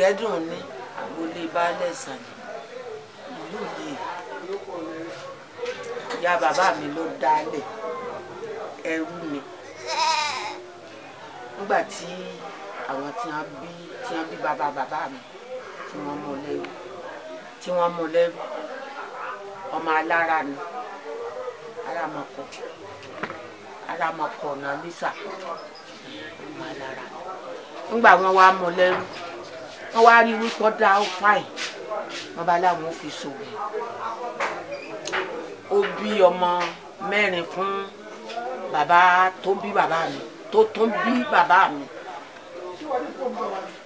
ọ̀gẹ́dùn ní agboolé baálẹ̀ ìsàlẹ̀ ìlú yìí ìyá bàbá mi ló dálẹ̀ ẹrú mi nígbà tí àwọn tí wọ́n bí tí wọ́n bí bàbá bàbá mi tí wọ́n mú lẹ́rú tí wọ́n mú lẹ́rú ọmọ alára ni aramọkọ aramọkọ náà lisa ọmọ alára nígbà wọ́n wá mú lẹ́rú wọ́n wá rí wípé ọ̀dà ó fàì wọ́n bá láwọn ó fi ṣògùn ó bí ọmọ mẹ́rin fún bàbá tó bí bàbá mi tó tó bí bàbá mi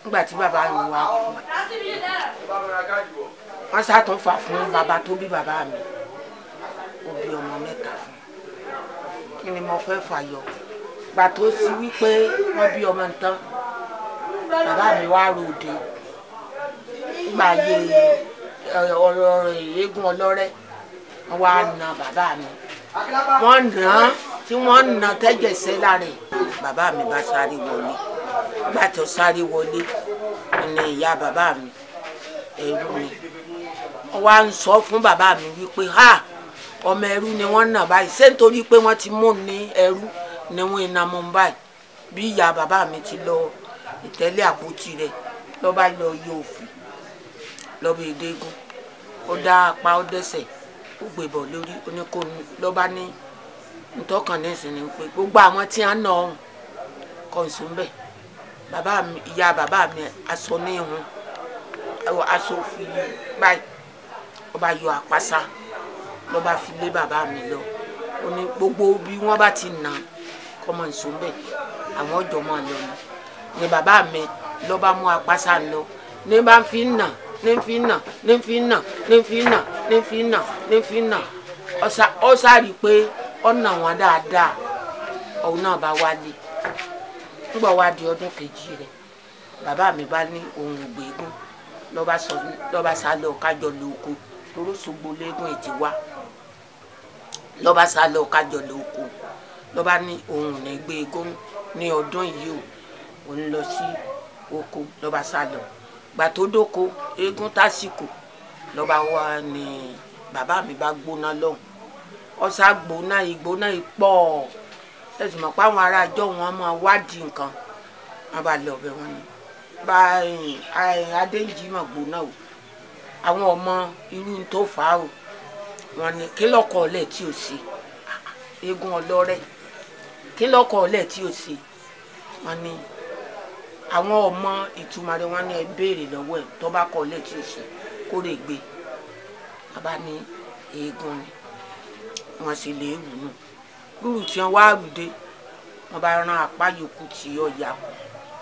nígbà tí bàbá mi wá kú wọ́n sàtún fà fún bàbá tó bí bàbá mi ó bí ọmọ mẹ́ta fún kí ni mo fẹ́ fàyọ gbà tó sí wípé wọ́n bí ọmọ nǹkan bàbá mi wá ròde nígbà yẹ eh, ọ̀rọ̀ eh, eégún ọlọ́rẹ́ wọ́n wá na bàbá mi wọ́n na án tí wọ́n nà tẹ́jẹ̀ sẹ́ lára ẹ̀ bàbá mi bá sáré wọlé nígbà tó sáré wọlé ni ìyá bàbá mi ẹ̀rú mi wọ́n wá ń sọ fún bàbá mi wípé ha ọmọ ẹrú ni wọ́n nà báyìí ṣé nítorí pé wọ́n ti mú ní ẹrú ni wọ́n iná mú báyìí bí ìyá bàbá mi ti lọ́ọ́ ìtẹ́lẹ̀ àpótí rẹ̀ lọ́ba lọ yọ òfin lọ́ba èdégún ó dá apá ó dẹ́sẹ̀ ó gbébọ̀ lórí oníkóni lọ́ba ní ntọ́kàn náà sì ni pé gbogbo àwọn tí a ń nà ọ̀hún kọ̀ǹsù ń bẹ̀ bàbá mi ìyá bàbá mi aṣọ ní ìhun aṣọ òfin báyìí ọba yọ àpáṣá lọ́ba fi lé bàbá mi lọ ó ní gbogbo bí wọ́n bá ti nà kọ́mọ̀ ìṣó ń bẹ̀ àwọn ọjọ́ máa lọ ni ni bàbá mi ló bá mú apáṣá ń lọ ní bá fi ń nà ní fi ń nà ní fi ń nà ní fi ń nà ní fi ń nà ní fi ń nà ó sáré pé ó nà wọn dáadáa òun náà bá wálé nígbà wá di ọdún kejì rẹ̀ bàbá mi bá ní ohun ògbégún lọ́ba sá lọ kájọ lóko torósogbo léegun ètí wá lọ́ba sá lọ lóko lọ́ba ní ohun ẹ̀gbẹ́ egún ní ọdún yìí o òun lọ sí oko lọ́ba sá lọ gbà tó dóko eégún tásìkò lọ́ba wa ni bàbá mi bá gbóná lọ́hùn ọ̀sà gbóná ìgbóná ìpọ̀ ẹ̀sùn mọ̀ pé àwọn ará àjọ wọn máa wádìí nǹkan wọn bá lọ ọbẹ̀ wọn ni bá eh, eh, adéǹjì mọ̀ gbóná o àwọn ọmọ irú tó fà á o wọn ni kí lọkọ ọlẹ tí o ṣe ah, eégún ọlọ́rẹ́ kí lọkọ ọlẹ tí o ṣe wọn ni àwọn ọmọ ìtumọ̀ rẹ̀ wọ́n ní ẹ béèrè lọ́wọ́ ẹ̀ tó bá kọ́ ilé tí ì sùn kó lè gbé bàbá ní eégún ni wọ́n sì lè wù nù lúrù tí wọ́n wá rùdé wọ́n bá rán apá yòókù tí ọ̀yà kù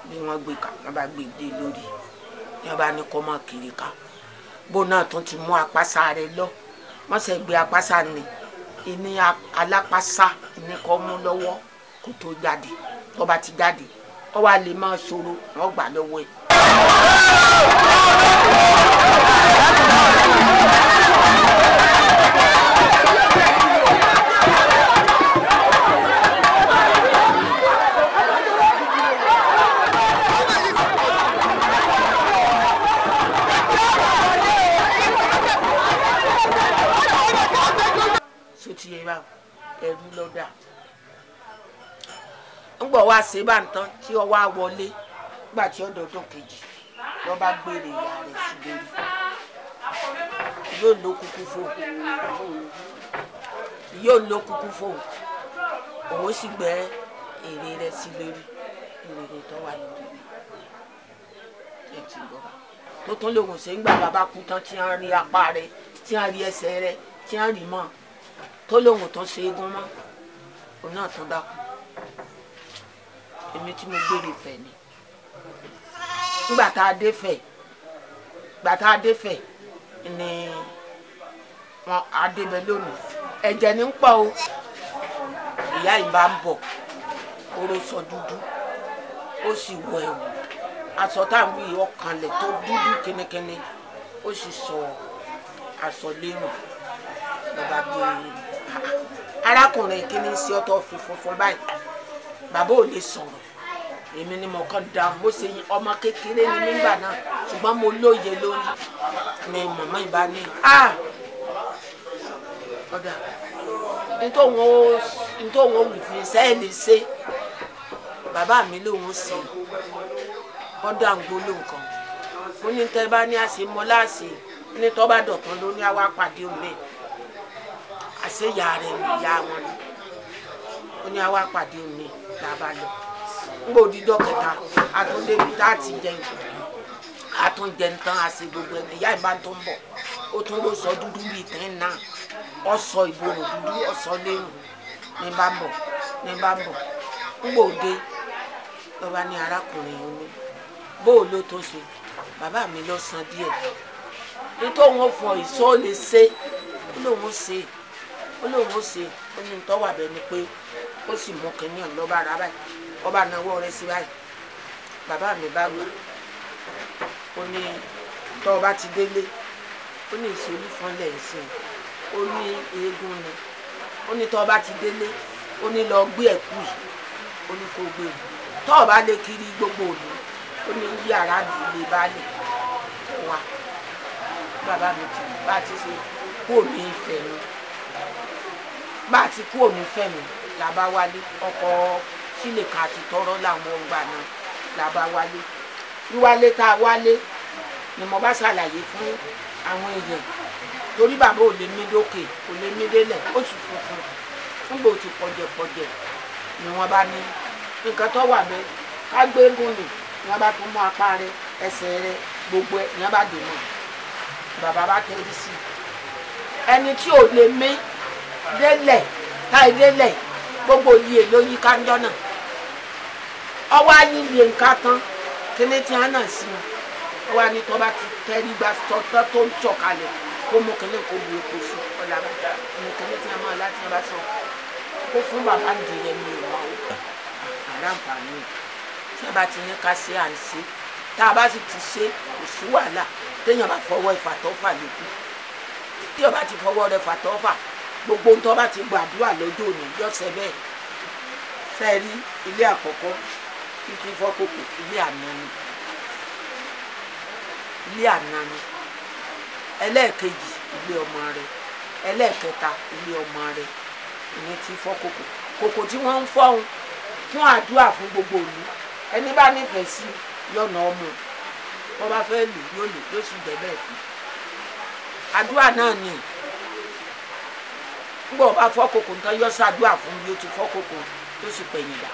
bí wọ́n gbé ká wọ́n bá gbé dé lórí wọ́n bá ní kọ́ mọ́ kiri ká bó náà tún ti mú apáṣá rẹ lọ wọ́n sì gbé apáṣá ni ìní alápáṣá ní mú lọ́wọ́ kó tó jáde tó bá ti jáde kọ́ wa lè máa ṣòro wọ́n gbà lọ́wọ́ ẹ̀. wá ṣe bá ń tán tí ọ wá wọlé nígbà tí ọdọọdún kejì lọ bá gbére ìyá rẹ̀ síbẹ̀rẹ̀ yóò lo kúkú fóun yóò lo kúkú fóun òun sì gbẹ èrè rẹ̀ síbẹ̀rẹ̀ èrè tó wà lórí ẹ ti gbọ́ tó tún lòun ṣe ń gbà bàbá kú tán tí wọ́n rí apá rẹ̀ tí wọ́n rí ẹsẹ̀ rẹ̀ tí wọ́n rí mọ́ tó lòun tó ṣe é gún mọ́ òun náà tán dákú èmi tí mo gbére fẹ̀ ni nígbà tá a dé fẹ̀ gbà tá a dé fẹ̀ ni wọn á débẹ̀ lónìí ẹ̀jẹ̀ ní ń pọ̀ o ìyá yìí bá ń bọ̀ oró sọ dúdú ó sì wọ ẹ̀wù aṣọ táwọn yìí ọkànlẹ̀ tó dúdú kínníkínní ó sì sọ aṣọ lérùn lọ́ba bíi ah, arákùnrin kínní sí ọtọ́ fi báyìí. bàbá ò lè sọ̀rọ̀ èmi ni mo kàn dá bó ṣe ọmọ kékeré ni nígbà náà ṣùgbọ́n mo lóye lórí ni màmá ìbá ní ọ̀dà fi sẹ́ẹ̀lì ṣe bàbá mi lòun sì bọ́dọ̀ àǹgbóló nǹkan mo ní tẹ́ bá ní àṣemọ́láṣe ní tọ́ bá dọ̀tán ló ní àwa pàdé òun náà rẹ̀ ìyá wọn ó ní àwa pàdé òun làbá lọ ngbò dídọ́ kẹta àtúndé bíi tá a ti jẹ nǹkan àtúnjẹ nǹkan àti gbogbo ẹ̀mí ìyá ìbá tó ń bọ̀ ó tún ló sọ dúdú bíi tẹ́ náà ọ̀sọ ìgboro dúdú ọ̀sọ lérò ní bá ń bọ̀ ní bá ń bọ̀ ngbò dé lọ́ba ní arákùnrin yìí ní bó o ló tó ṣe bàbá mi lọ san díẹ̀ nítorí òun fọ ìṣó lè ṣe ó lóun ṣe ó lóun ṣe ó ní tọ́wà bẹ́ẹ̀ ni pé ó sì mú kínní ọ̀hún lọ́ba ara báyìí ọba náwó rẹ sí báyìí bàbá mi bá gbà ó ní tọ́ ọba ti délé ó ní ìṣòlù fọ́nlẹ̀ ìsìn ó ní eégún ni ó ní tọ́ ọba ti délé ó ní lọ gbé ẹ̀kú yìí ó ní kó gbé yìí tọ́ ọba kiri gbogbo òní ó ní yàrá ìdílé baálé wa bàbá mi ti bá ti ṣe kúrò ní ìfẹ́ mi bá ti kúrò ní ìfẹ́ mi làbá wálé ọkọ̀ sílè kan àti tọrọ làwọn ọgbà náà làbá wálé wíwálé tá a wálé ni mo bá ṣàlàyé fún àwọn èèyàn torí bàbá ò lè mí dókè ò lè mí délẹ̀ ó sì funfun nígbà ó ti pọ̀jẹ̀pọ̀jẹ̀ ni wọ́n bá ní nǹkan tó wà bẹ́ẹ̀ ká gbé gúnlẹ̀ ni wọ́n bá tún mú apá rẹ ẹsẹ̀ rẹ gbogbo ẹ̀ ni wọ́n bá dè bàbá bá tẹ́lẹ̀ sí ẹni tí ò lè mí délẹ̀ táì délẹ̀ gbogbo òye ló yí kájọ́ náà ọwọ́ ayé iye nǹkan tán kíní tí wọn náà sí wọn ọwọ́ ayé tó bá ti tẹ́rí gba tọ́tọ́ tó ń tọ̀kalẹ̀ kó mú kíní kó bu epo fún ọ̀là ní kíní tí wọn máa láti bá sọ kó fún bàbá nìyí yẹn mi ò o àrà nfààní tí wọn bá ti ní ká ṣe à ń ṣe tá a bá sì ti ṣe kò sí wàhálà téèyàn bá fọwọ́ ìfàtọ́fà lókun tí wọn bá ti fọwọ́ rẹ fàtọ́fà gbogbo ohun tó bá ti gbàdúrà lọ́jọ́ òní yọ̀sẹ̀ bẹ́ẹ̀ sẹ́ẹ̀rí ilé àkọ́kọ́ títí fọ́kòkò ilé àná ni ilé àná ni ẹlẹ́ẹ̀kejì ilé ọmọ rẹ ẹlẹ́ẹ̀kẹta ilé ọmọ rẹ ìyẹn ti fọ́ kòkò kòkò tí wọ́n ń fọ́hun fún àdúrà fún gbogbo òlu ẹni bá nífẹ̀ẹ́ sí yọ̀nà ọmọ wọ́n bá fẹ́ lù yóò lù yóò sì jẹ́ bẹ́ẹ̀ fún àdúrà náà nìyí ngbọ ọba fọkòkò nǹkan yọ ṣàdúrà fún mi ó ti tó sì pẹ̀yìn dà.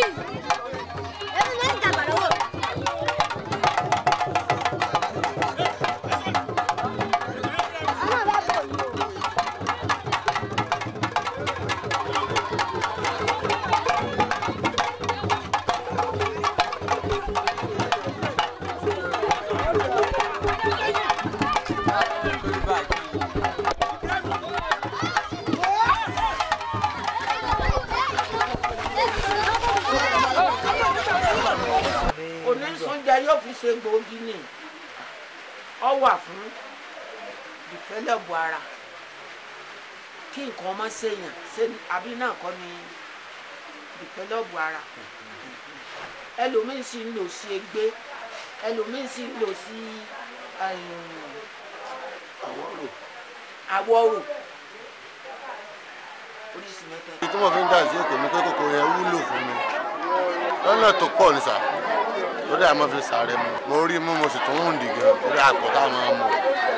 Bobby! ṣe gbòógì ni ọ wà fún ìfẹ́lẹ́bù ara kí nǹkan ọmọ ṣèyàn àbí náà kọ́ ni ìfẹ́lẹ́bù ara ẹlòmíín sì ń lò sí egbé ẹlòmíín sì ń lò sí àwọ̀rò oríṣi mẹ́ta. ìtumọ̀ fi ń dà sí ètò mi pé kòkòrò yẹn wúlò fún mi lọ́nà tó pọ̀ ní sà lórí àmọ́ fi sàárẹ̀ mu mo rí mú mo sì tún hùn dì gan lórí àpọ̀ tá a máa mọ̀.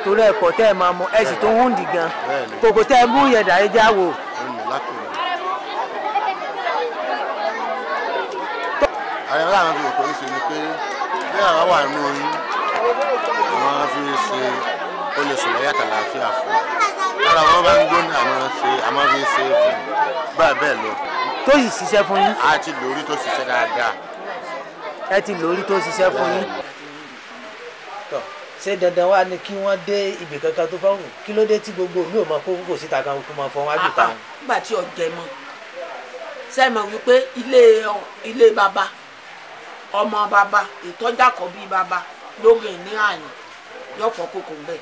torí ẹ̀kọ́ tẹ́ ẹ máa mọ ẹ sì tún hùn gan kòkò tẹ́ ẹ mú yẹ̀dá ẹ já wò. àyẹ̀ ńlá àwọn fi òkò yìí ṣe ni pé bí àwọn wà nínú oyún àwọn fi ṣe ó lè sọ̀rọ̀ yàtọ̀ láàfin àfọ̀ lára wọn bá ń gbóná àwọn ṣe àmọ́ fi ṣe fún bá bẹ́ẹ̀ lọ. tó sì ṣiṣẹ́ fún yín. a ti lórí tó ṣiṣẹ́ dáadáa ẹ ti lórí tó ṣiṣẹ́ fún yín. tọ́ ṣé dandan wá ni kí wọ́n dé ibì kankan tó fáwọn kí ló dé tí gbogbo mi ò mọ kó kókò síta kan kó máa fọwọ́n ájú ta. Ah, ah, nígbà tí ọ̀jẹ̀ mọ sẹ́mọ̀ wípé ilé ilé baba ọmọ baba ìtọ́jàkọ̀ bíi baba lóge ní àyàn yọ̀fọ̀ kókò ń bẹ̀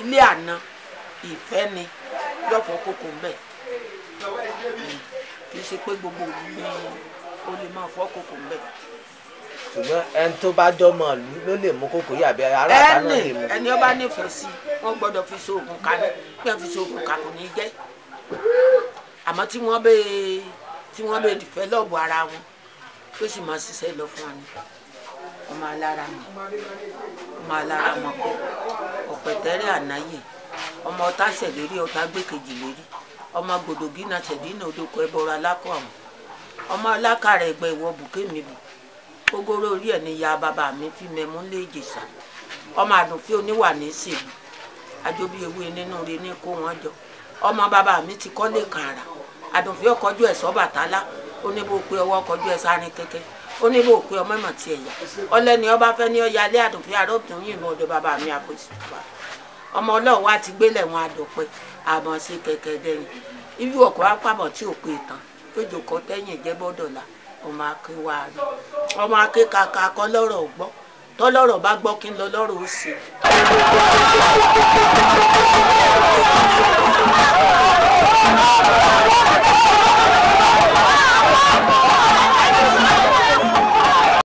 ilé àná ìfẹ́ ni yọ̀fọ̀ kókò ń bẹ̀ kì í ṣe pé gbogbo òbí ni o lè máa fọ́ kókò ń bẹ̀ ṣùgbọ́n ẹni tó bá jọmọ ìlú ló lè mú kókó yàbí ará àtà náà lè mú. ẹni ọba nífẹ̀ẹ́ sí wọ́n gbọ́dọ̀ fi ṣoògùn ká ní pé fi ṣoògùn ká kò ní jẹ́ àmọ́ tí wọ́n bẹ tí wọ́n bẹ dìfẹ́ lọ́ọ̀bù ara wọn tó sì máa ṣiṣẹ́ lọ fún wa ni ọmọ alára mọ ọmọ alára mọ kọ ọ̀pẹ̀tẹ́rẹ́ ànáyè ọmọ ọ̀tá ṣẹ̀lérí ọ̀tá gbẹ́kejì lérí ọmọ gbòdògínà ṣẹ̀dínà odòkọ ẹbọra lákọ̀ àwọn ọmọ alákàrẹ̀ ẹgbẹ́ ìwọ bùkẹ́ mi bù kógóró orí ẹ̀ ní ya bàbá mi fi mẹ́mú lé ìjèṣà ọmọ àdùnfẹ́ oníwà ní sèlú àjọbí ewé nínú rẹ̀ ní kó wọn jọ ọmọ bàbá mi ti kọ́lé kàrà àdùnfẹ́ ọkọjú ẹ̀ sọ́bàtálá oníbò pé ọwọ́ ọkọjú ẹ̀ sáárín kẹ́kẹ́ oníbò pé ọmọ ìmọ̀ tiẹ̀ yá ọlẹ́ni ọba fẹ́ ní ọya alẹ́ àdùnfẹ́ àròtún yìí ní ọ̀dọ̀ bàbá mi àfojúsùpá ọmọ ọlọ́wọ́ àti gbélẹ̀ wọn àdọ̀pẹ́ àmọ́ ọmọ akin wà á ọmọ akin kàkà kọ́ lọ́rọ̀ gbọ́ tọ́lọ́rọ̀ bá gbọ́ kí n lọ lọ́rọ̀ ó sì. Thank you.